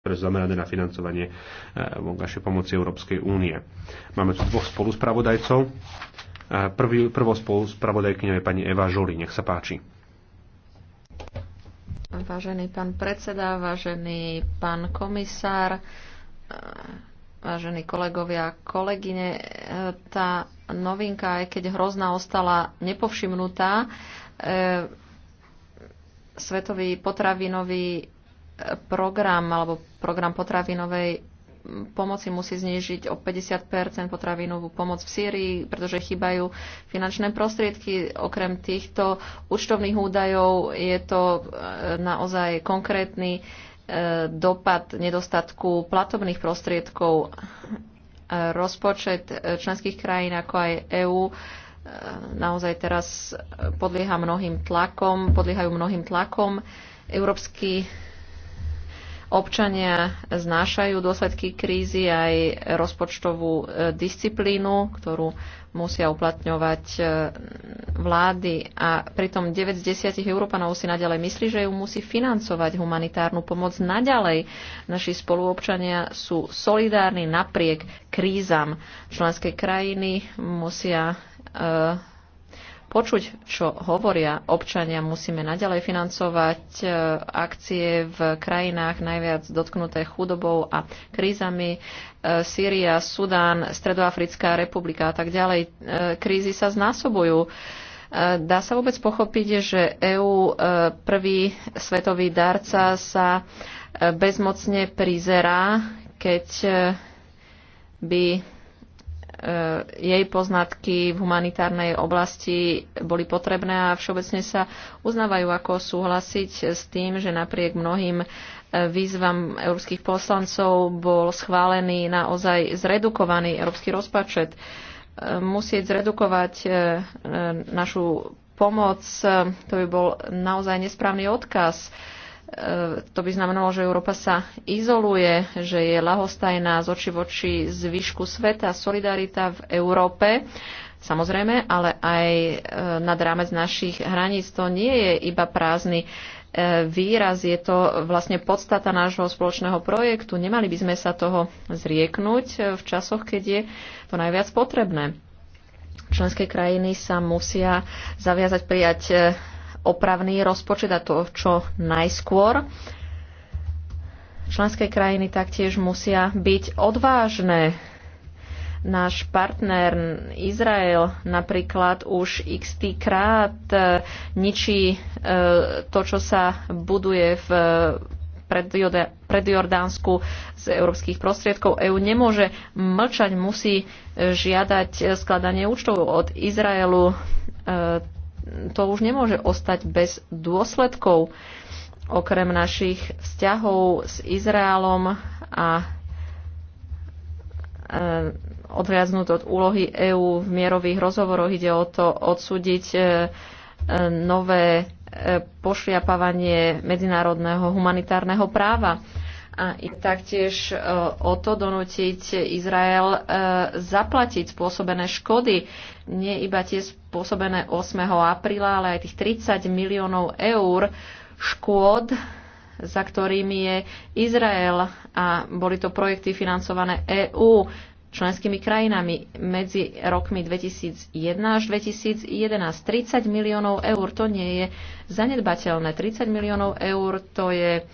ktoré sú zamerané na financovanie eh, vonkajšej pomoci Európskej únie. Máme tu dvoch spoluspravodajcov. Eh, prvý, prvou spoluspravodajkyňou je pani Eva Žoli. Nech sa páči. Vážený pán predseda, vážený pán komisár, eh, vážení kolegovia a kolegyne, tá novinka, aj keď hrozná, ostala nepovšimnutá. Svetový potravinový program alebo Program potravinovej pomoci musí znížiť o 50 potravinovú pomoc v Sýrii, pretože chýbajú finančné prostriedky. Okrem týchto účtovných údajov je to e, naozaj konkrétny e, dopad nedostatku platobných prostriedkov e, rozpočet členských krajín ako aj EÚ naozaj teraz podlieha mnohým tlakom, podliehajú mnohým tlakom. Európsky Občania znášajú dôsledky krízy aj rozpočtovú e, disciplínu, ktorú musia uplatňovať e, vlády a pritom 9 z 10 Európanov si naďalej myslí, že ju musí financovať humanitárnu pomoc naďalej. Naši spoluobčania sú solidárni napriek krízam. Členské krajiny musia e, počuť, čo hovoria občania. Musíme naďalej financovať e, akcie v krajinách najviac dotknuté chudobou a krízami. E, Sýria, Sudán, Stredoafrická republika a tak ďalej. E, krízy sa znásobujú. Dá sa vôbec pochopiť, že EÚ, prvý svetový darca, sa bezmocne prizerá, keď by Eh, jej poznatky v humanitárnej oblasti boli potrebné a všeobecne sa uznávajú, ako súhlasiť s tým, že napriek mnohým eh, výzvam európskych poslancov bol schválený naozaj zredukovaný európsky rozpočet. Eh, musieť zredukovať našu pomoc, to by bol naozaj nesprávny odkaz E, to by znamenalo, že Európa sa izoluje, že je lahostajná z oči voči zvyšku sveta, solidarita v Európe. Samozrejme, ale aj e, nad rámec našich hraníc to nie je iba prázdny e, výraz, je to vlastne podstata nášho spoločného projektu. Nemali by sme sa toho zrieknúť v časoch, keď je to najviac potrebné. Členské krajiny sa musia zaviazať prijať opravný rozpočet a to čo najskôr. Členské krajiny taktiež musia byť odvážne. Náš partner Izrael napríklad už x krát e, ničí e, to, čo sa buduje v e, predjordánsku z európskych prostriedkov. EÚ nemôže mlčať, musí žiadať skladanie účtov od Izraelu to už nemôže ostať bez dôsledkov. Okrem našich vzťahov s Izraelom a e, odviaznúť od úlohy EÚ v mierových rozhovoroch ide o to odsúdiť e, e, nové pošliapávanie medzinárodného humanitárneho práva a taktiež e, o to donútiť Izrael e, zaplatiť spôsobené škody, nie iba tie spôsobené 8. apríla, ale aj tých 30 miliónov eur škôd, za ktorými je Izrael a boli to projekty financované EÚ členskými krajinami medzi rokmi 2001 až 2011. 30 miliónov eur to nie je zanedbateľné. 30 miliónov eur to je uh,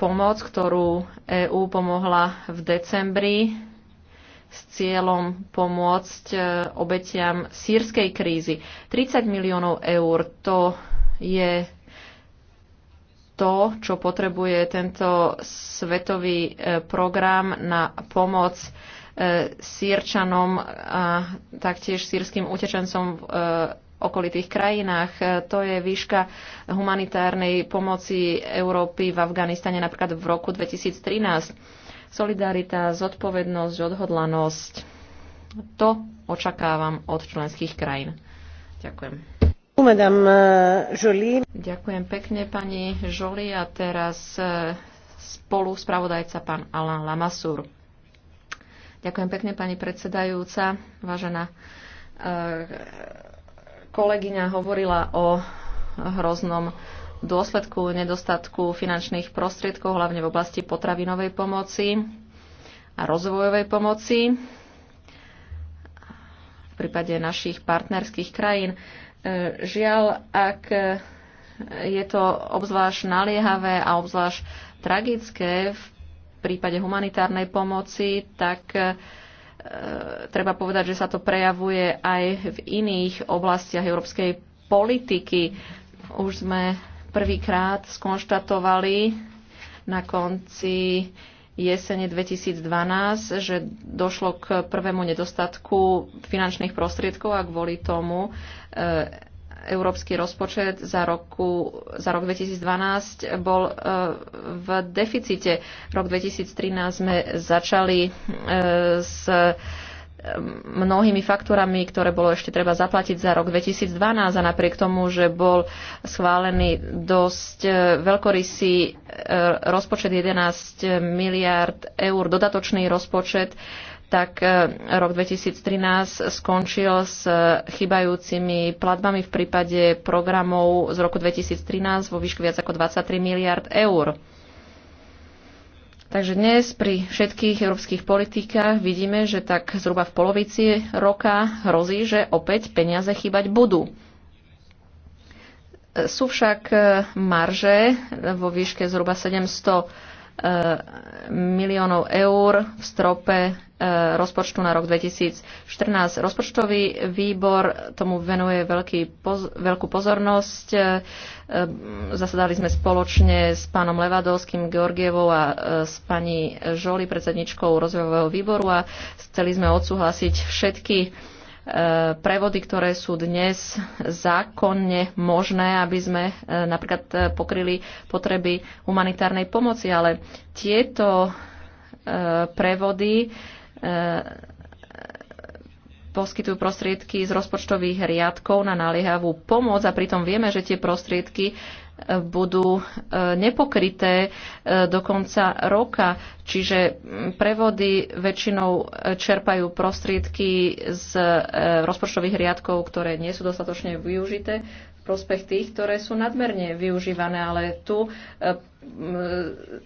pomoc, ktorú EÚ pomohla v decembri s cieľom pomôcť e, obetiam sírskej krízy. 30 miliónov eur to je to, čo potrebuje tento svetový e, program na pomoc e, sírčanom a taktiež sírským utečencom v okolitých krajinách. E, to je výška humanitárnej pomoci Európy v Afganistane napríklad v roku 2013. Solidarita, zodpovednosť, odhodlanosť. To očakávam od členských krajín. Ďakujem. E, Ďakujem pekne, pani Žoli. A teraz e, spolu spravodajca pán Alan Lamassur. Ďakujem pekne, pani predsedajúca, vážená Kolegyňa hovorila o hroznom dôsledku nedostatku finančných prostriedkov, hlavne v oblasti potravinovej pomoci a rozvojovej pomoci v prípade našich partnerských krajín. E, žiaľ, ak je to obzvlášť naliehavé a obzvlášť tragické v prípade humanitárnej pomoci, tak E, treba povedať, že sa to prejavuje aj v iných oblastiach európskej politiky. Už sme prvýkrát skonštatovali na konci jesene 2012, že došlo k prvému nedostatku finančných prostriedkov a kvôli tomu e, európsky rozpočet za, roku, za rok 2012 bol e, v deficite. Rok 2013 sme začali e, s e, mnohými faktúrami, ktoré bolo ešte treba zaplatiť za rok 2012 a napriek tomu, že bol schválený dosť veľkorysý rozpočet 11 miliard eur, dodatočný rozpočet, tak e, rok 2013 skončil s e, chybajúcimi platbami v prípade programov z roku 2013 vo výšku viac ako 23 miliard eur. Takže dnes pri všetkých európskych politikách vidíme, že tak zhruba v polovici roka hrozí, že opäť peniaze chýbať budú. E, sú však marže vo výške zhruba 700 Eh, miliónov eur v strope eh, rozpočtu na rok 2014. Rozpočtový výbor tomu venuje veľký, poz, veľkú pozornosť. Eh, zasadali sme spoločne s pánom Levadovským, Georgievou a s pani Žoli, predsedničkou rozvojového výboru a chceli sme odsúhlasiť všetky E, prevody, ktoré sú dnes zákonne možné, aby sme e, napríklad e, pokryli potreby humanitárnej pomoci, ale tieto prevody poskytujú prostriedky z rozpočtových riadkov na naliehavú pomoc a pritom vieme, že tie prostriedky e, budú e, nepokryté e, do konca roka. Čiže prevody väčšinou čerpajú prostriedky z rozpočtových riadkov, ktoré nie sú dostatočne využité v prospech tých, ktoré sú nadmerne využívané, ale tu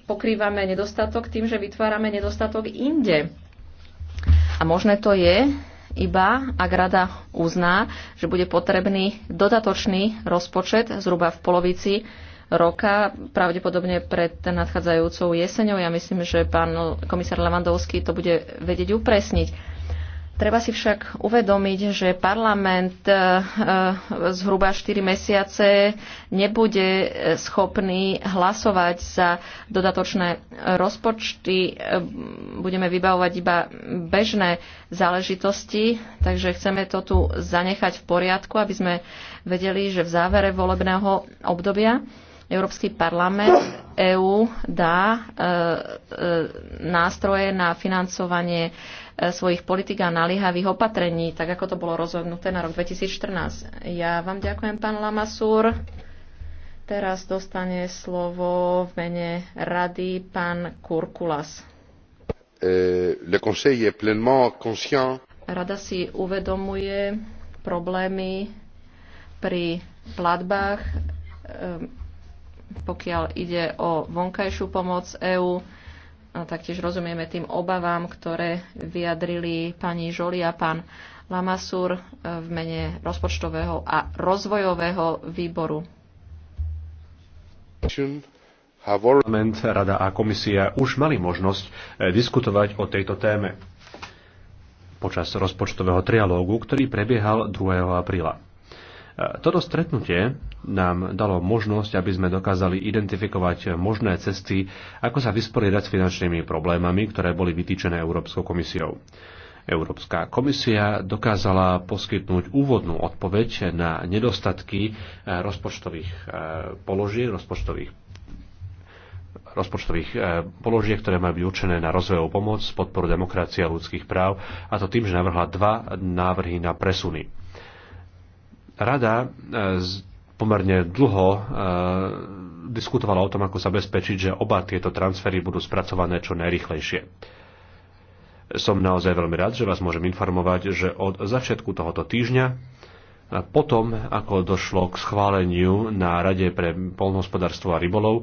pokrývame nedostatok tým, že vytvárame nedostatok inde. A možné to je, iba ak rada uzná, že bude potrebný dodatočný rozpočet zhruba v polovici roka, pravdepodobne pred nadchádzajúcou jeseňou. Ja myslím, že pán komisár Levandovský to bude vedieť upresniť. Treba si však uvedomiť, že parlament eh, eh, zhruba 4 mesiace nebude eh, schopný hlasovať za dodatočné rozpočty. Budeme vybavovať iba bežné záležitosti, takže chceme to tu zanechať v poriadku, aby sme vedeli, že v závere volebného obdobia Európsky parlament EÚ dá e, e, nástroje na financovanie e, svojich politik a naliehavých opatrení, tak ako to bolo rozhodnuté na rok 2014. Ja vám ďakujem, pán Lamasúr. Teraz dostane slovo v mene rady pán Kurkulas. Rada si uvedomuje problémy pri platbách pokiaľ ide o vonkajšiu pomoc EÚ, taktiež rozumieme tým obavám, ktoré vyjadrili pani Žoli a pán Lamasur e, v mene rozpočtového a rozvojového výboru. Parlament, Rada a komisia už mali možnosť e, diskutovať o tejto téme počas rozpočtového trialógu, ktorý prebiehal 2. apríla. Toto stretnutie nám dalo možnosť, aby sme dokázali identifikovať možné cesty, ako sa vysporiadať s finančnými problémami, ktoré boli vytýčené Európskou komisiou. Európska komisia dokázala poskytnúť úvodnú odpoveď na nedostatky eh, rozpočtových eh, položiek, rozpočtových rozpočtových eh, položiek, ktoré majú byť určené na rozvojovú pomoc, podporu demokracie a ľudských práv, a to tým, že navrhla dva návrhy na presuny. Rada e, pomerne dlho e, diskutovala o tom, ako zabezpečiť, že oba tieto transfery budú spracované čo najrychlejšie. Som naozaj veľmi rád, že vás môžem informovať, že od začiatku tohoto týždňa potom, ako došlo k schváleniu na Rade pre polnohospodárstvo a rybolov, e,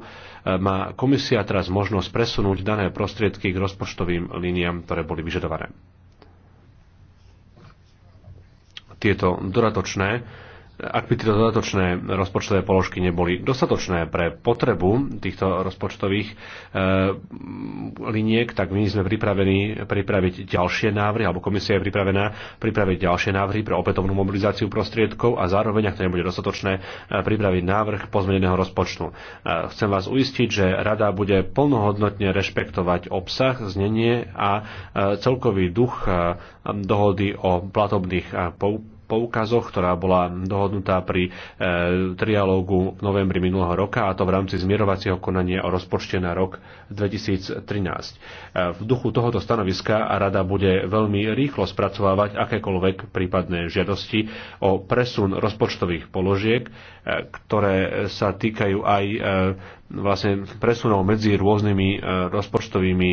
má komisia teraz možnosť presunúť dané prostriedky k rozpočtovým líniám, ktoré boli vyžadované. Tieto dodatočné ak by tieto dodatočné rozpočtové položky neboli dostatočné pre potrebu týchto rozpočtových e, liniek, tak my sme pripravení pripraviť ďalšie návrhy, alebo komisia je pripravená pripraviť ďalšie návrhy pre opätovnú mobilizáciu prostriedkov a zároveň, ak to nebude dostatočné, e, pripraviť návrh pozmeneného rozpočtu. E, chcem vás uistiť, že rada bude plnohodnotne rešpektovať obsah, znenie a e, celkový duch e, dohody o platobných e, poukazoch, ktorá bola dohodnutá pri e, trialógu v novembri minulého roka, a to v rámci zmierovacieho konania o rozpočte na rok 2013. E, v duchu tohoto stanoviska rada bude veľmi rýchlo spracovávať akékoľvek prípadné žiadosti o presun rozpočtových položiek, e, ktoré sa týkajú aj e, vlastne presunov medzi rôznymi e, rozpočtovými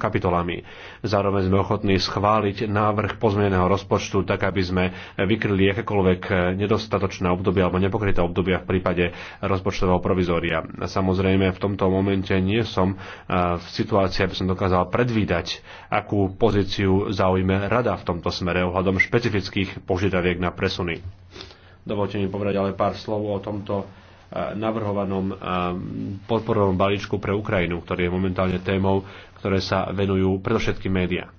kapitolami. Zároveň sme ochotní schváliť návrh pozmeneného rozpočtu tak, aby sme vykryli akékoľvek e, nedostatočné obdobia alebo nepokryté obdobia v prípade rozpočtového provizória. Samozrejme, v tomto momente nie som e, v situácii, aby som dokázal predvídať, akú pozíciu zaujme rada v tomto smere ohľadom špecifických požiadaviek na presuny. Dovolte mi povedať ale pár slov o tomto navrhovanom podporovom balíčku pre Ukrajinu, ktorý je momentálne témou, ktoré sa venujú predovšetkým médiá.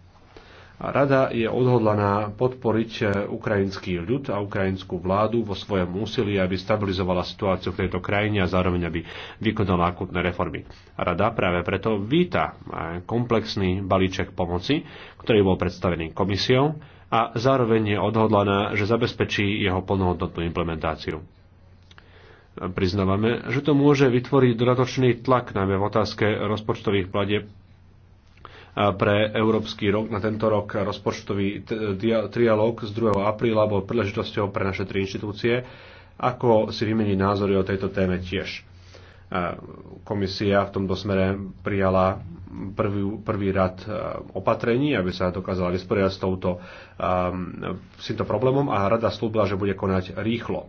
Rada je odhodlaná podporiť e, ukrajinský ľud a ukrajinskú vládu vo svojom úsilí, aby stabilizovala situáciu v tejto krajine a zároveň aby vykonala akutné reformy. Rada práve preto víta e, komplexný balíček pomoci, ktorý bol predstavený komisiou a zároveň je odhodlaná, že zabezpečí jeho plnohodnotnú implementáciu priznávame, že to môže vytvoriť dodatočný tlak najmä v otázke rozpočtových pladeb pre Európsky rok na tento rok rozpočtový trialóg z 2. apríla bol príležitosťou pre naše tri inštitúcie, ako si vymeniť názory o tejto téme tiež. Komisia v tomto smere prijala prvý, prvý rad opatrení, aby sa dokázala vysporiadať s, touto, s týmto problémom a rada slúbila, že bude konať rýchlo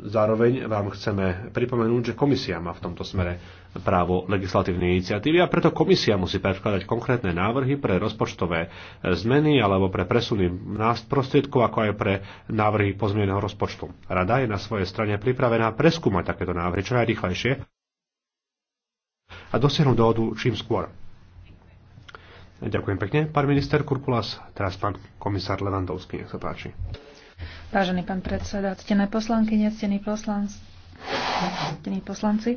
Zároveň vám chceme pripomenúť, že komisia má v tomto smere právo legislatívnej iniciatívy a preto komisia musí predkladať konkrétne návrhy pre rozpočtové zmeny alebo pre presuny prostriedkov, ako aj pre návrhy pozmieneného rozpočtu. Rada je na svojej strane pripravená preskúmať takéto návrhy čo najrychlejšie a dosiahnuť dohodu čím skôr. Ďakujem pekne, pán minister Kurkulas, teraz pán komisár Levandovský, nech sa páči. Vážený pán predseda, ctené poslanky, ctení poslanci, poslanci,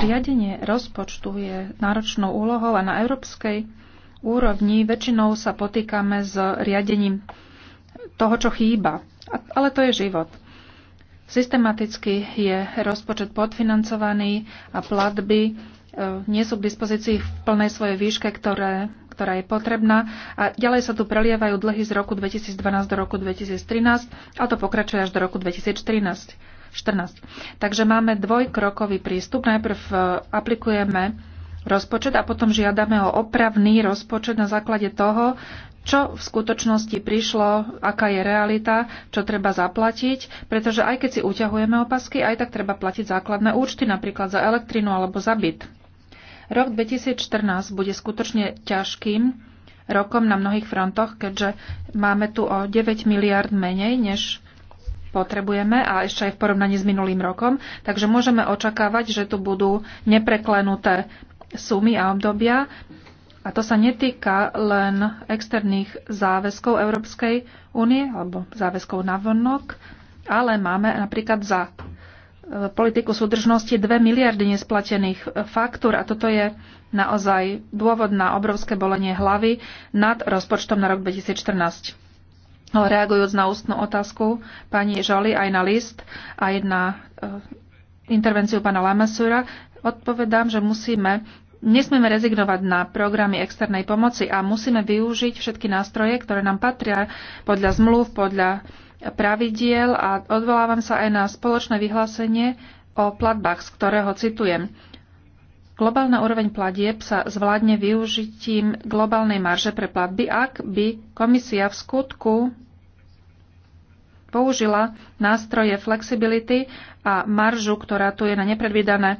riadenie rozpočtu je náročnou úlohou a na európskej úrovni väčšinou sa potýkame s riadením toho, čo chýba. Ale to je život. Systematicky je rozpočet podfinancovaný a platby e, nie sú k dispozícii v plnej svojej výške, ktoré ktorá je potrebná. A ďalej sa tu prelievajú dlhy z roku 2012 do roku 2013 a to pokračuje až do roku 2014. 14. Takže máme dvojkrokový prístup. Najprv e, aplikujeme rozpočet a potom žiadame o opravný rozpočet na základe toho, čo v skutočnosti prišlo, aká je realita, čo treba zaplatiť, pretože aj keď si uťahujeme opasky, aj tak treba platiť základné účty, napríklad za elektrinu alebo za byt. Rok 2014 bude skutočne ťažkým rokom na mnohých frontoch, keďže máme tu o 9 miliard menej, než potrebujeme a ešte aj v porovnaní s minulým rokom. Takže môžeme očakávať, že tu budú nepreklenuté sumy a obdobia. A to sa netýka len externých záväzkov Európskej únie alebo záväzkov na vonok, ale máme napríklad za Eh, politiku súdržnosti 2 miliardy nesplatených faktúr a toto je naozaj dôvod na obrovské bolenie hlavy nad rozpočtom na rok 2014. No, Reagujúc na ústnu otázku pani Žoli aj na list a na eh, intervenciu pána Lamasura, odpovedám, že musíme Nesmieme rezignovať na programy externej pomoci a musíme využiť všetky nástroje, ktoré nám patria podľa zmluv, podľa pravidiel a odvolávam sa aj na spoločné vyhlásenie o platbách, z ktorého citujem. Globálna úroveň platieb sa zvládne využitím globálnej marže pre platby, ak by komisia v skutku použila nástroje flexibility a maržu, ktorá tu je na nepredvídané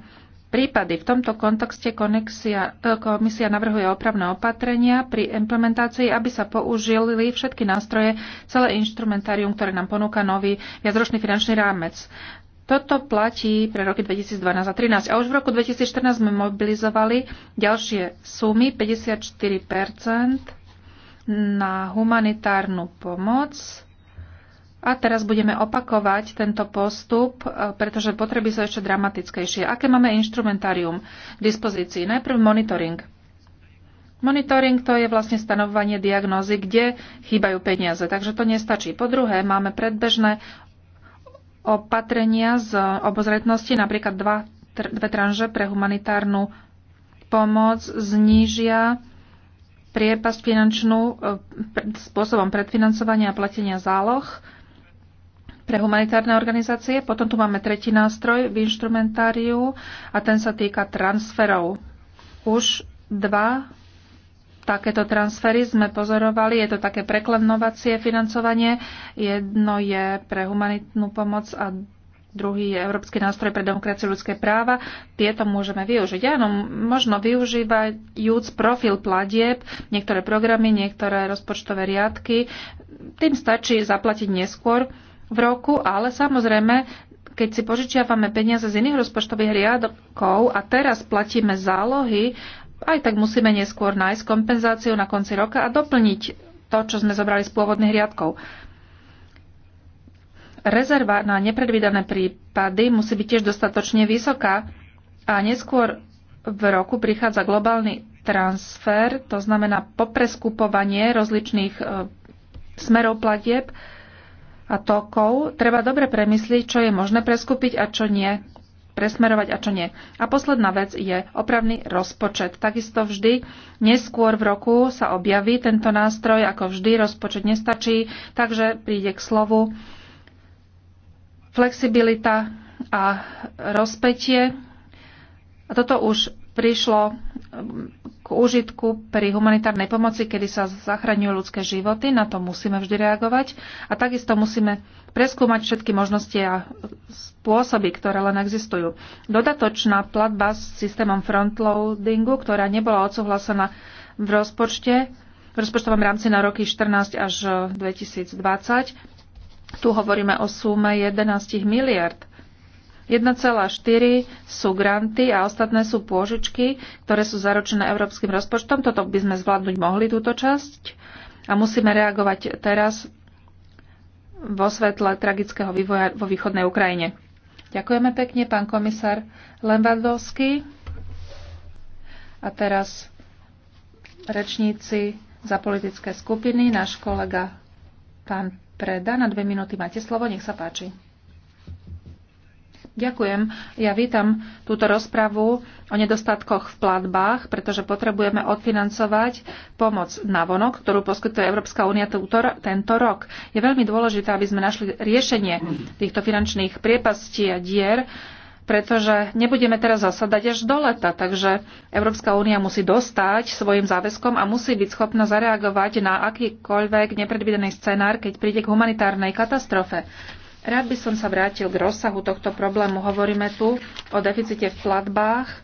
prípady. V tomto kontexte konexia, e, komisia navrhuje opravné opatrenia pri implementácii, aby sa použili všetky nástroje, celé instrumentárium, ktoré nám ponúka nový viacročný finančný rámec. Toto platí pre roky 2012 a 2013. A už v roku 2014 sme mobilizovali ďalšie sumy, 54 na humanitárnu pomoc a teraz budeme opakovať tento postup, e, pretože potreby sú ešte dramatickejšie. Aké máme instrumentárium k dispozícii? Najprv monitoring. Monitoring to je vlastne stanovovanie diagnózy, kde chýbajú peniaze, takže to nestačí. Po druhé, máme predbežné opatrenia z obozretnosti, napríklad dva, dve tranže pre humanitárnu pomoc znížia priepasť finančnú e, spôsobom predfinancovania a platenia záloh pre humanitárne organizácie. Potom tu máme tretí nástroj v inštrumentáriu a ten sa týka transferov. Už dva takéto transfery sme pozorovali. Je to také preklenovacie financovanie. Jedno je pre humanitnú pomoc a druhý je Európsky nástroj pre demokraciu ľudské práva. Tieto môžeme využiť. Áno, možno využívajúc profil platieb, niektoré programy, niektoré rozpočtové riadky. Tým stačí zaplatiť neskôr v roku, ale samozrejme, keď si požičiavame peniaze z iných rozpočtových riadkov a teraz platíme zálohy, aj tak musíme neskôr nájsť kompenzáciu na konci roka a doplniť to, čo sme zobrali z pôvodných riadkov. Rezerva na nepredvídané prípady musí byť tiež dostatočne vysoká a neskôr v roku prichádza globálny transfer, to znamená popreskupovanie rozličných e, smerov platieb, a tokov, treba dobre premysliť, čo je možné preskúpiť a čo nie presmerovať a čo nie. A posledná vec je opravný rozpočet. Takisto vždy neskôr v roku sa objaví tento nástroj, ako vždy rozpočet nestačí, takže príde k slovu flexibilita a rozpetie. A toto už prišlo um, k úžitku pri humanitárnej pomoci, kedy sa zachraňujú ľudské životy. Na to musíme vždy reagovať. A takisto musíme preskúmať všetky možnosti a spôsoby, ktoré len existujú. Dodatočná platba s systémom frontloadingu, ktorá nebola odsúhlasená v rozpočte, v rozpočtovom rámci na roky 14 až 2020, tu hovoríme o sume 11 miliard 1,4 sú granty a ostatné sú pôžičky, ktoré sú zaručené európskym rozpočtom. Toto by sme zvládnuť mohli, túto časť. A musíme reagovať teraz vo svetle tragického vývoja vo východnej Ukrajine. Ďakujeme pekne, pán komisár Lembardovský. A teraz rečníci za politické skupiny, náš kolega pán Preda. Na dve minúty máte slovo, nech sa páči. Ďakujem. Ja vítam túto rozpravu o nedostatkoch v platbách, pretože potrebujeme odfinancovať pomoc na vonok, ktorú poskytuje Európska únia tento rok. Je veľmi dôležité, aby sme našli riešenie týchto finančných priepastí a dier, pretože nebudeme teraz zasadať až do leta, takže Európska únia musí dostať svojim záväzkom a musí byť schopná zareagovať na akýkoľvek nepredvidený scenár, keď príde k humanitárnej katastrofe. Rád by som sa vrátil k rozsahu tohto problému. Hovoríme tu o deficite v platbách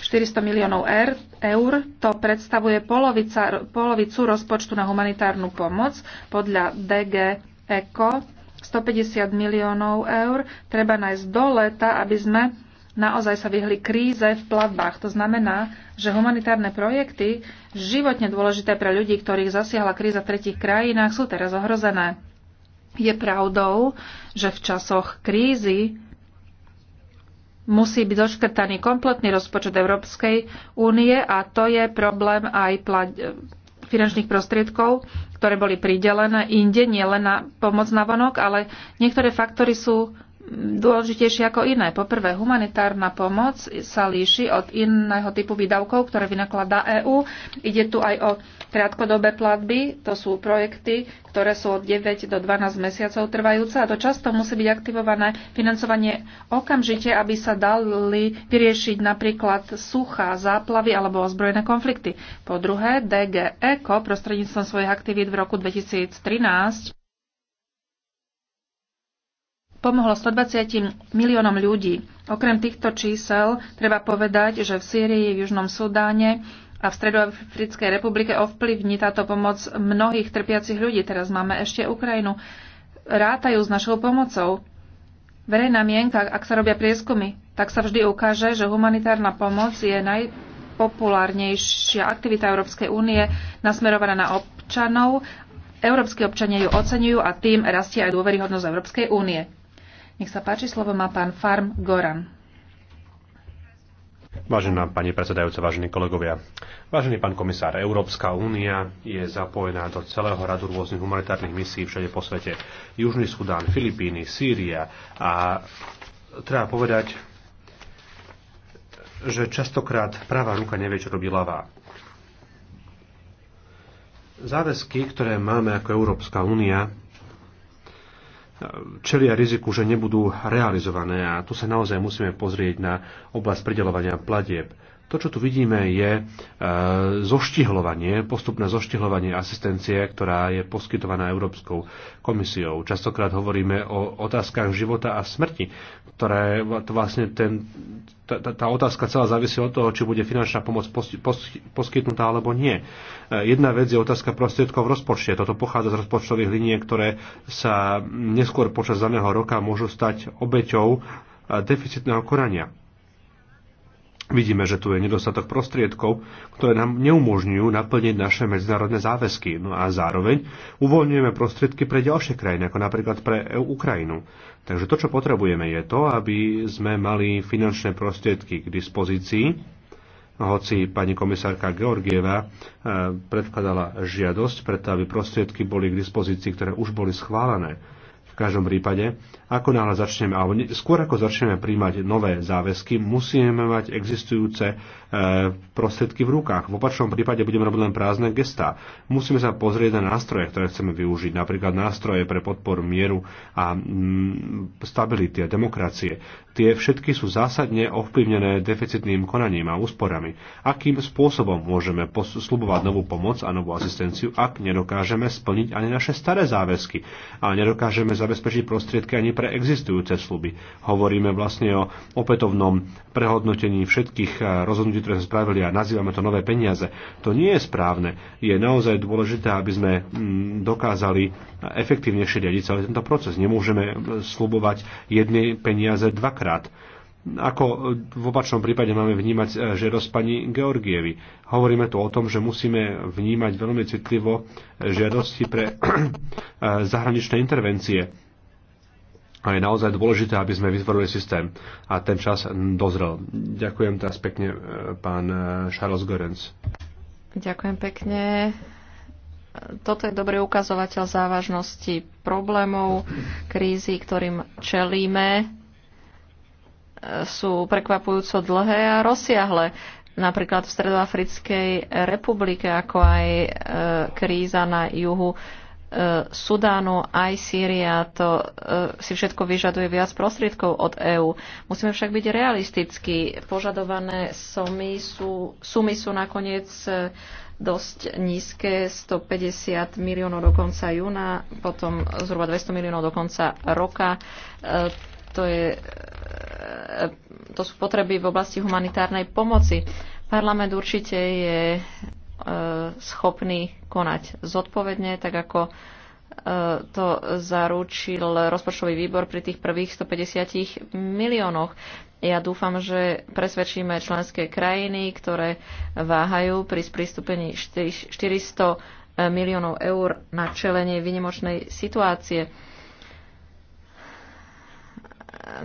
400 miliónov er, eur. To predstavuje polovica, polovicu rozpočtu na humanitárnu pomoc podľa DG ECO 150 miliónov eur. Treba nájsť do leta, aby sme naozaj sa vyhli kríze v platbách. To znamená, že humanitárne projekty, životne dôležité pre ľudí, ktorých zasiahla kríza v tretich krajinách, sú teraz ohrozené. Je pravdou, že v časoch krízy musí byť doškrtaný kompletný rozpočet Európskej únie a to je problém aj finančných prostriedkov, ktoré boli pridelené inde, nie len na pomoc na vonok, ale niektoré faktory sú dôležitejšie ako iné. Poprvé, humanitárna pomoc sa líši od iného typu výdavkov, ktoré vynakladá EÚ. Ide tu aj o krátkodobé platby, to sú projekty, ktoré sú od 9 do 12 mesiacov trvajúce a to často musí byť aktivované financovanie okamžite, aby sa dali vyriešiť napríklad suchá, záplavy alebo ozbrojené konflikty. Po druhé, DG e prostredníctvom svojich aktivít v roku 2013 pomohlo 120 miliónom ľudí. Okrem týchto čísel treba povedať, že v Sýrii, v Južnom Sudáne a v Stredoafrickej republike ovplyvní táto pomoc mnohých trpiacich ľudí. Teraz máme ešte Ukrajinu. Rátajú s našou pomocou. Verejná mienka, ak sa robia prieskumy, tak sa vždy ukáže, že humanitárna pomoc je najpopulárnejšia aktivita Európskej únie nasmerovaná na občanov. Európsky občania ju oceňujú a tým rastie aj dôveryhodnosť Európskej únie. Nech sa páči, slovo má pán Farm Goran. Vážená pani predsedajúca, vážení kolegovia. Vážený pán komisár, Európska únia je zapojená do celého radu rôznych humanitárnych misií všade po svete. Južný Sudán, Filipíny, Sýria a treba povedať, že častokrát pravá ruka nevie, čo robí ľavá. Záväzky, ktoré máme ako Európska únia, čelia riziku, že nebudú realizované. A tu sa naozaj musíme pozrieť na oblasť pridelovania platieb. To, čo tu vidíme, je e, zoštihľovanie, postupné zoštihľovanie asistencie, ktorá je poskytovaná Európskou komisiou. Častokrát hovoríme o otázkach života a smrti, ktoré vlastne ten, tá, tá otázka celá závisí od toho, či bude finančná pomoc poskytnutá alebo nie. E, jedna vec je otázka prostriedkov v rozpočte. Toto pochádza z rozpočtových liniek, ktoré sa neskôr počas daného roka môžu stať obeťou e, deficitného korania. Vidíme, že tu je nedostatok prostriedkov, ktoré nám neumožňujú naplniť naše medzinárodné záväzky. No a zároveň uvoľňujeme prostriedky pre ďalšie krajiny, ako napríklad pre e Ukrajinu. Takže to, čo potrebujeme, je to, aby sme mali finančné prostriedky k dispozícii, hoci pani komisárka Georgieva eh, predkladala žiadosť, preto aby prostriedky boli k dispozícii, ktoré už boli schválené každom prípade, ako náhle začneme, alebo skôr ako začneme príjmať nové záväzky, musíme mať existujúce e, prostriedky v rukách. V opačnom prípade budeme robiť len prázdne gestá. Musíme sa pozrieť na nástroje, ktoré chceme využiť, napríklad nástroje pre podporu mieru a mm, stability a demokracie. Tie všetky sú zásadne ovplyvnené deficitným konaním a úsporami. Akým spôsobom môžeme slubovať novú pomoc a novú asistenciu, ak nedokážeme splniť ani naše staré záväzky a nedokážeme zabezpečiť prostriedky ani pre existujúce sluby. Hovoríme vlastne o opätovnom prehodnotení všetkých eh, rozhodnutí, ktoré sme spravili a nazývame to nové peniaze. To nie je správne. Je naozaj dôležité, aby sme mm, dokázali efektívnejšie riadiť celý tento proces. Nemôžeme eh, slubovať jednej peniaze dvakrát dvakrát. Ako v opačnom prípade máme vnímať eh, žiadosť pani Georgievi. Hovoríme tu o tom, že musíme vnímať veľmi citlivo eh, žiadosti pre eh, zahraničné intervencie. A je naozaj dôležité, aby sme vytvorili systém. A ten čas dozrel. Ďakujem teraz pekne, pán Charles Gorenc. Ďakujem pekne toto je dobrý ukazovateľ závažnosti problémov, krízy, ktorým čelíme sú prekvapujúco dlhé a rozsiahle. Napríklad v Stredoafrickej republike, ako aj e, kríza na juhu e, Sudánu, aj Sýria, to e, si všetko vyžaduje viac prostriedkov od EÚ. Musíme však byť realistickí. Požadované sumy sú, sumy sú nakoniec dosť nízke, 150 miliónov do konca júna, potom zhruba 200 miliónov do konca roka. To, je, e, to sú potreby v oblasti humanitárnej pomoci. Parlament určite je e, schopný konať zodpovedne, tak ako e, to zaručil rozpočtový výbor pri tých prvých 150 miliónoch. Ja dúfam, že presvedčíme členské krajiny, ktoré váhajú pri sprístupení 400 miliónov eur na čelenie vynimočnej situácie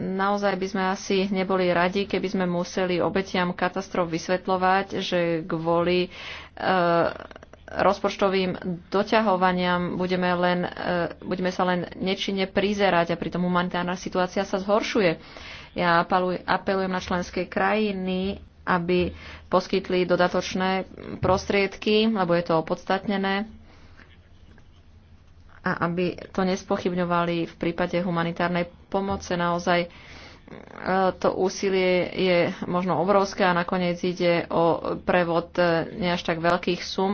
naozaj by sme asi neboli radi, keby sme museli obetiam katastrof vysvetľovať, že kvôli e, rozpočtovým doťahovaniam budeme, len, e, budeme sa len nečine prizerať a pritom humanitárna situácia sa zhoršuje. Ja apelujem na členské krajiny, aby poskytli dodatočné prostriedky, lebo je to opodstatnené a aby to nespochybňovali v prípade humanitárnej pomoce. Naozaj e, to úsilie je možno obrovské a nakoniec ide o prevod e, neaž tak veľkých sum.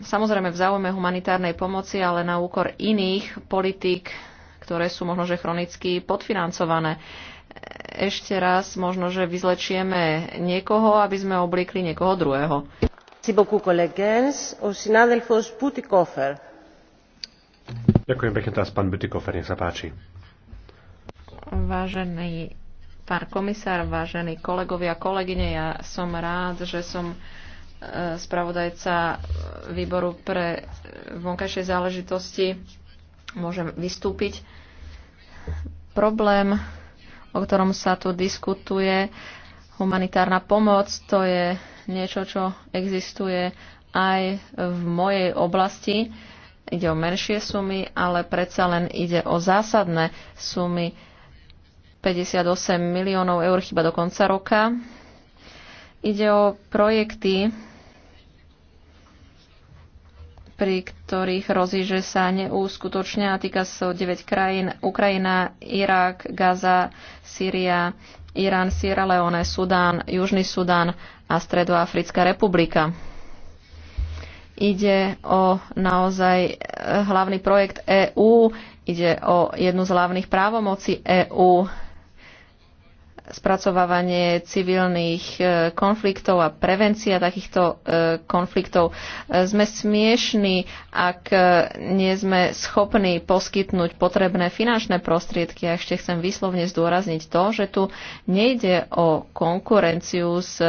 Samozrejme v záujme humanitárnej pomoci, ale na úkor iných politík, ktoré sú možno že chronicky podfinancované. Ešte raz možno, že vyzlečieme niekoho, aby sme oblíkli niekoho druhého. Ďakujem, kolega. O Putikofer. Ďakujem pekne teraz pán Bytikofer, nech sa páči. Vážený pán komisár, vážení kolegovia, kolegyne, ja som rád, že som e, spravodajca výboru pre vonkajšie záležitosti. Môžem vystúpiť. Problém, o ktorom sa tu diskutuje, humanitárna pomoc, to je niečo, čo existuje aj v mojej oblasti Ide o menšie sumy, ale predsa len ide o zásadné sumy. 58 miliónov eur chyba do konca roka. Ide o projekty, pri ktorých že sa neúskutočne a týka sa so 9 krajín Ukrajina, Irak, Gaza, Sýria, Irán, Sierra Leone, Sudán, Južný Sudán a Stredoafrická republika. Ide o naozaj e, hlavný projekt EÚ, ide o jednu z hlavných právomocí EÚ spracovávanie civilných e, konfliktov a prevencia takýchto e, konfliktov. E, sme smiešní, ak nie sme schopní poskytnúť potrebné finančné prostriedky. A ešte chcem výslovne zdôrazniť to, že tu nejde o konkurenciu s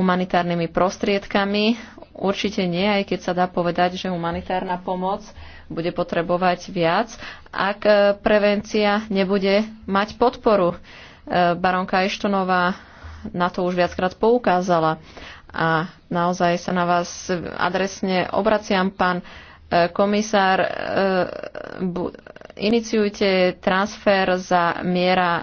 humanitárnymi prostriedkami. Určite nie, aj keď sa dá povedať, že humanitárna pomoc bude potrebovať viac, ak prevencia nebude mať podporu. Baronka Eštonová na to už viackrát poukázala a naozaj sa na vás adresne obraciam, pán e, komisár, e, iniciujte transfer za miera e,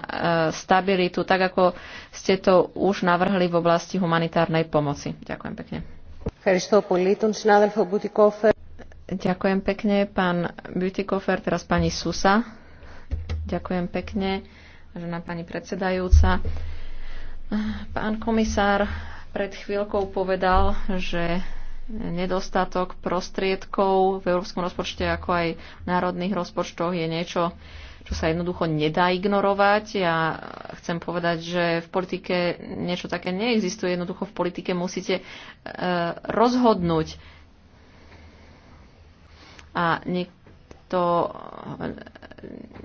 stabilitu, tak ako ste to už navrhli v oblasti humanitárnej pomoci. Ďakujem pekne. Ďakujem pekne, pán Butikofer, teraz pani Susa. Ďakujem pekne. Vážená pani predsedajúca, pán komisár pred chvíľkou povedal, že nedostatok prostriedkov v európskom rozpočte ako aj v národných rozpočtoch je niečo, čo sa jednoducho nedá ignorovať. Ja chcem povedať, že v politike niečo také neexistuje. Jednoducho v politike musíte e, rozhodnúť. A niekto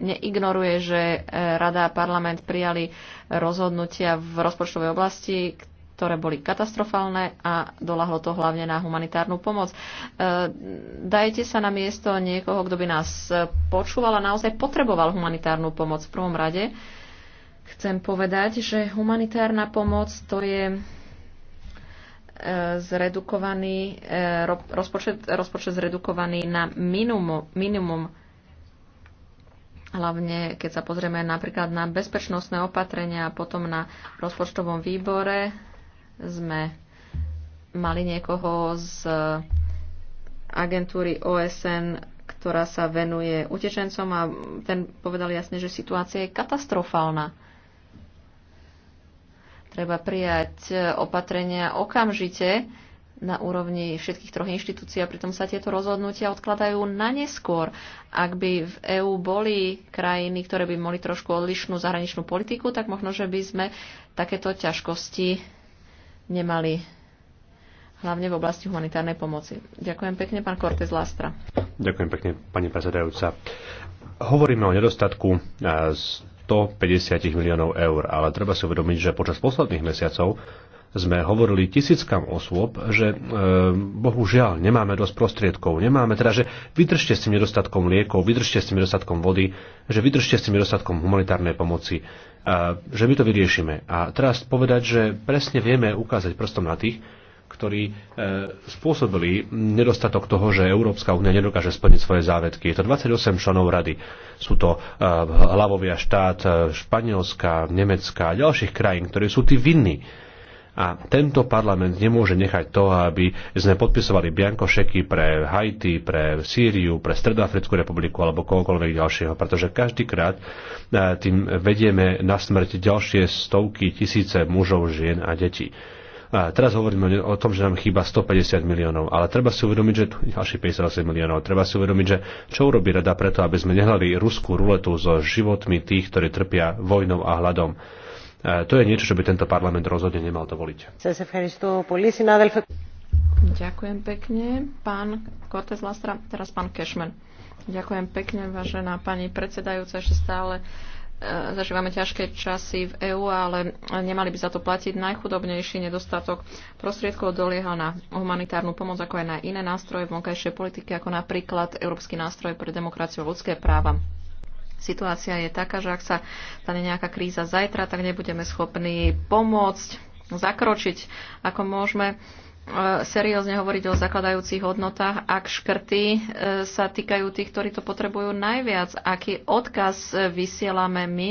neignoruje, že e, Rada a parlament prijali rozhodnutia v rozpočtovej oblasti, ktoré boli katastrofálne a dolahlo to hlavne na humanitárnu pomoc. E, dajte sa na miesto niekoho, kto by nás počúval a naozaj potreboval humanitárnu pomoc v prvom rade. Chcem povedať, že humanitárna pomoc to je e, zredukovaný, rozpočet, rozpočet zredukovaný na minimum, minimum Hlavne, keď sa pozrieme napríklad na bezpečnostné opatrenia a potom na rozpočtovom výbore, sme mali niekoho z agentúry OSN, ktorá sa venuje utečencom a ten povedal jasne, že situácia je katastrofálna. Treba prijať opatrenia okamžite, na úrovni všetkých troch inštitúcií a pritom sa tieto rozhodnutia odkladajú na neskôr. Ak by v EÚ boli krajiny, ktoré by mali trošku odlišnú zahraničnú politiku, tak možno, že by sme takéto ťažkosti nemali hlavne v oblasti humanitárnej pomoci. Ďakujem pekne, pán Cortez Lastra. Ďakujem pekne, pani predsedajúca. Hovoríme o nedostatku 150 eh, miliónov eur, ale treba si uvedomiť, že počas posledných mesiacov sme hovorili tisíckam osôb, že e, bohužiaľ nemáme dosť prostriedkov, nemáme teda, že vydržte s tým nedostatkom liekov, vydržte s tým nedostatkom vody, že vydržte s tým nedostatkom humanitárnej pomoci, e, že my to vyriešime. A teraz povedať, že presne vieme ukázať prstom na tých, ktorí e, spôsobili nedostatok toho, že Európska únia nedokáže splniť svoje závetky. Je to 28 členov rady. Sú to e, hlavovia štát e, Španielska, Nemecka a ďalších krajín, ktorí sú tí vinní a tento parlament nemôže nechať to, aby sme podpisovali biankošeky pre Haiti, pre Sýriu, pre Stredoafrickú republiku alebo kohokoľvek ďalšieho, pretože každýkrát e, tým vedieme na smrť ďalšie stovky tisíce mužov, žien a detí. A teraz hovoríme o tom, že nám chýba 150 miliónov, ale treba si uvedomiť, že tu ďalších 58 miliónov. Treba si uvedomiť, že čo urobí rada preto, aby sme nehľali ruskú ruletu so životmi tých, ktorí trpia vojnou a hladom. E, to je niečo, čo by tento parlament rozhodne nemal dovoliť. Ďakujem pekne. Pán Cortez Lastra, teraz pán Kešmen. Ďakujem pekne, vážená pani predsedajúca, že stále e, zažívame ťažké časy v EÚ, ale nemali by za to platiť. Najchudobnejší nedostatok prostriedkov dolieha na humanitárnu pomoc, ako aj na iné nástroje vonkajšej politiky, ako napríklad Európsky nástroj pre demokraciu a ľudské práva. Situácia je taká, že ak sa stane nejaká kríza zajtra, tak nebudeme schopní pomôcť, zakročiť, ako môžeme e, seriózne hovoriť o zakladajúcich hodnotách, ak škrty e, sa týkajú tých, ktorí to potrebujú najviac, aký odkaz vysielame my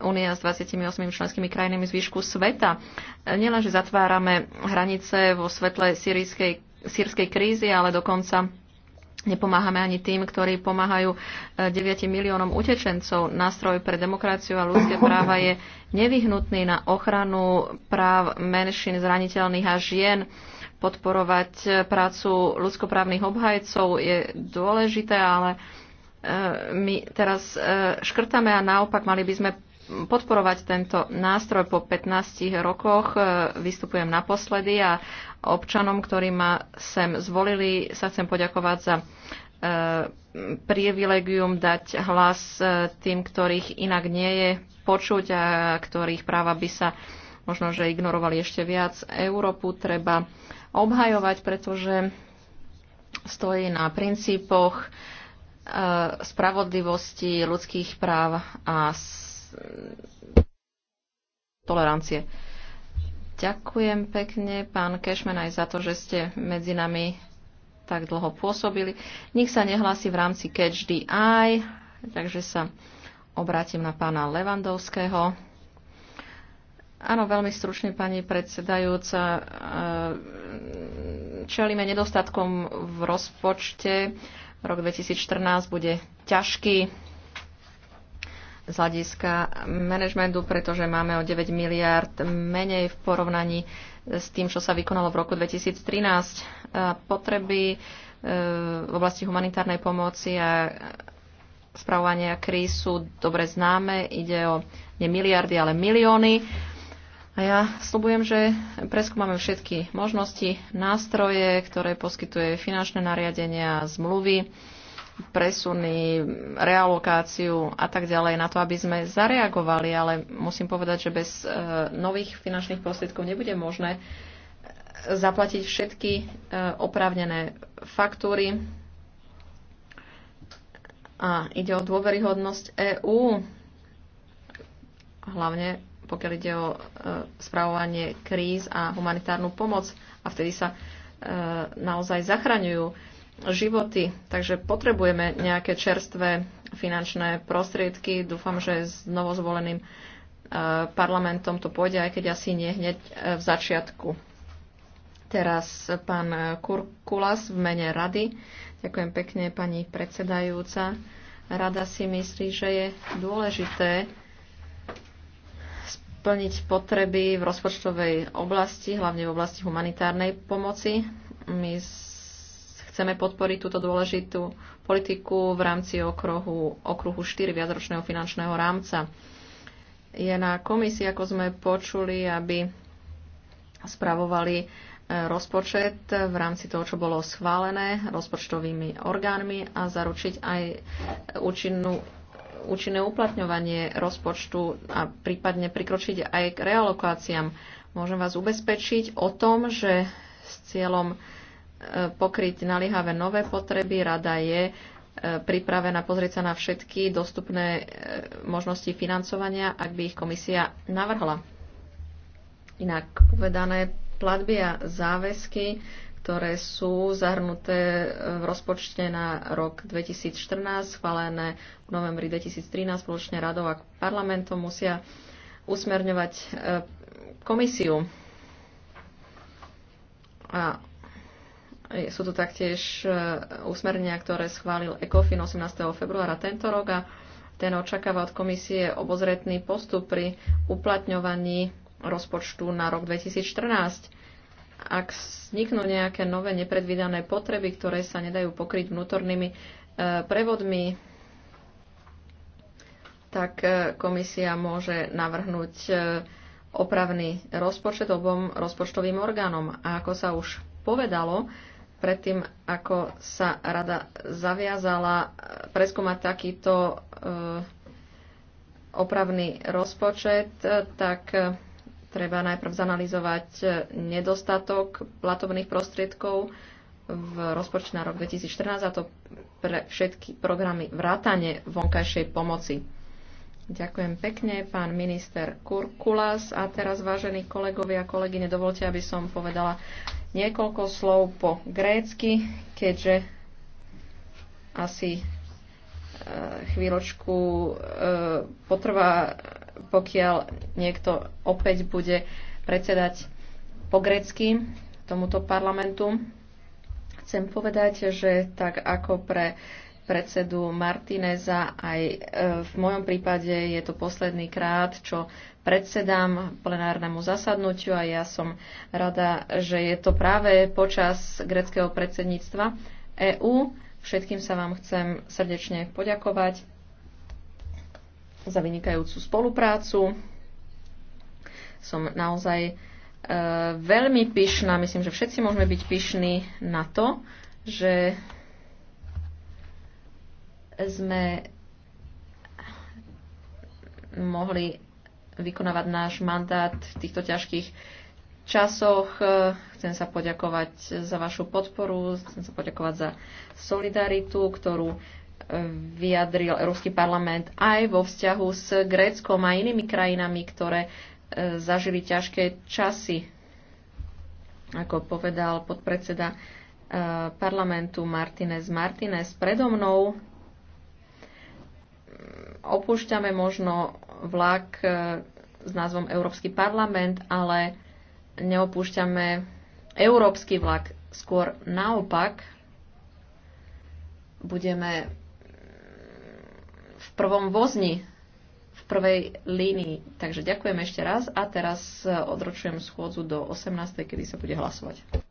Unia e, s 28 členskými krajinami zvyšku sveta. Nielenže že zatvárame hranice vo svetle sírskej krízy, ale dokonca Nepomáhame ani tým, ktorí pomáhajú 9 e, miliónom utečencov. Nástroj pre demokraciu a ľudské práva je nevyhnutný na ochranu práv menšín zraniteľných a žien. Podporovať e, prácu ľudskoprávnych obhajcov je dôležité, ale e, my teraz škrtame a naopak mali by sme podporovať tento nástroj po 15 rokoch. E, vystupujem naposledy a občanom, ktorí ma sem zvolili, sa chcem poďakovať za e, privilegium dať hlas e, tým, ktorých inak nie je počuť a ktorých práva by sa možno, že ignorovali ešte viac. Európu treba obhajovať, pretože stojí na princípoch spravodlivosti, ľudských práv a tolerancie. Ďakujem pekne, pán Kešmen, aj za to, že ste medzi nami tak dlho pôsobili. Nik sa nehlási v rámci Catch the Eye, takže sa obrátim na pána Levandovského. Áno, veľmi stručne, pani predsedajúca. Ehm, čelíme nedostatkom v rozpočte. Rok 2014 bude ťažký z hľadiska manažmentu, pretože máme o 9 miliard menej v porovnaní s tým, čo sa vykonalo v roku 2013. Potreby e, v oblasti humanitárnej pomoci a spravovania kríz sú dobre známe. Ide o nie miliardy, ale milióny. A ja slubujem, že preskúmame všetky možnosti, nástroje, ktoré poskytuje finančné nariadenia, zmluvy presuny, realokáciu a tak ďalej na to, aby sme zareagovali, ale musím povedať, že bez e, nových finančných prostriedkov nebude možné e, zaplatiť všetky e, oprávnené faktúry. A ide o dôveryhodnosť EÚ, hlavne pokiaľ ide o spravovanie kríz a humanitárnu pomoc. A vtedy sa naozaj zachraňujú životy. Takže potrebujeme nejaké čerstvé finančné prostriedky. Dúfam, že s novozvoleným e, parlamentom to pôjde, aj keď asi nie hneď e, v začiatku. Teraz pán Kurkulas v mene rady. Ďakujem pekne, pani predsedajúca. Rada si myslí, že je dôležité splniť potreby v rozpočtovej oblasti, hlavne v oblasti humanitárnej pomoci. My chceme podporiť túto dôležitú politiku v rámci okruhu, okruhu 4 viacročného finančného rámca. Je na komisii, ako sme počuli, aby spravovali e, rozpočet v rámci toho, čo bolo schválené rozpočtovými orgánmi a zaručiť aj účinnú účinné uplatňovanie rozpočtu a prípadne prikročiť aj k realokáciám. Môžem vás ubezpečiť o tom, že s cieľom pokryť naliehavé nové potreby. Rada je e, pripravená pozrieť sa na všetky dostupné e, možnosti financovania, ak by ich komisia navrhla. Inak povedané, platby a záväzky, ktoré sú zahrnuté v rozpočte na rok 2014, schválené v novembri 2013 spoločne radou a parlamentom, musia usmerňovať e, komisiu. A sú tu taktiež e, usmernenia, ktoré schválil ECOFIN 18. februára tento rok a ten očakáva od komisie obozretný postup pri uplatňovaní rozpočtu na rok 2014. Ak vzniknú nejaké nové nepredvídané potreby, ktoré sa nedajú pokryť vnútornými e, prevodmi, tak e, komisia môže navrhnúť opravný rozpočet obom rozpočtovým orgánom. A ako sa už povedalo, predtým, ako sa rada zaviazala e, preskúmať takýto e, opravný rozpočet, e, tak treba najprv zanalizovať nedostatok platobných prostriedkov v rozpočte na rok 2014 a to pre všetky programy vrátane vonkajšej pomoci. Ďakujem pekne, pán minister Kurkulas. A teraz, vážení kolegovia a kolegyne, dovolte, aby som povedala niekoľko slov po grécky, keďže asi e, chvíľočku e, potrvá, pokiaľ niekto opäť bude predsedať po grécky tomuto parlamentu. Chcem povedať, že tak ako pre predsedu Martineza. Aj e, v mojom prípade je to posledný krát, čo predsedám plenárnemu zasadnutiu a ja som rada, že je to práve počas greckého predsedníctva EÚ. Všetkým sa vám chcem srdečne poďakovať za vynikajúcu spoluprácu. Som naozaj e, veľmi pyšná, myslím, že všetci môžeme byť pyšní na to, že sme mohli vykonávať náš mandát v týchto ťažkých časoch. Chcem sa poďakovať za vašu podporu, chcem sa poďakovať za solidaritu, ktorú vyjadril Európsky parlament aj vo vzťahu s Gréckom a inými krajinami, ktoré e, zažili ťažké časy. Ako povedal podpredseda e, parlamentu Martinez Martinez, predo mnou opúšťame možno vlak e, s názvom Európsky parlament, ale neopúšťame európsky vlak. Skôr naopak budeme v prvom vozni, v prvej línii. Takže ďakujem ešte raz a teraz e, odročujem schôdzu do 18. kedy sa bude hlasovať.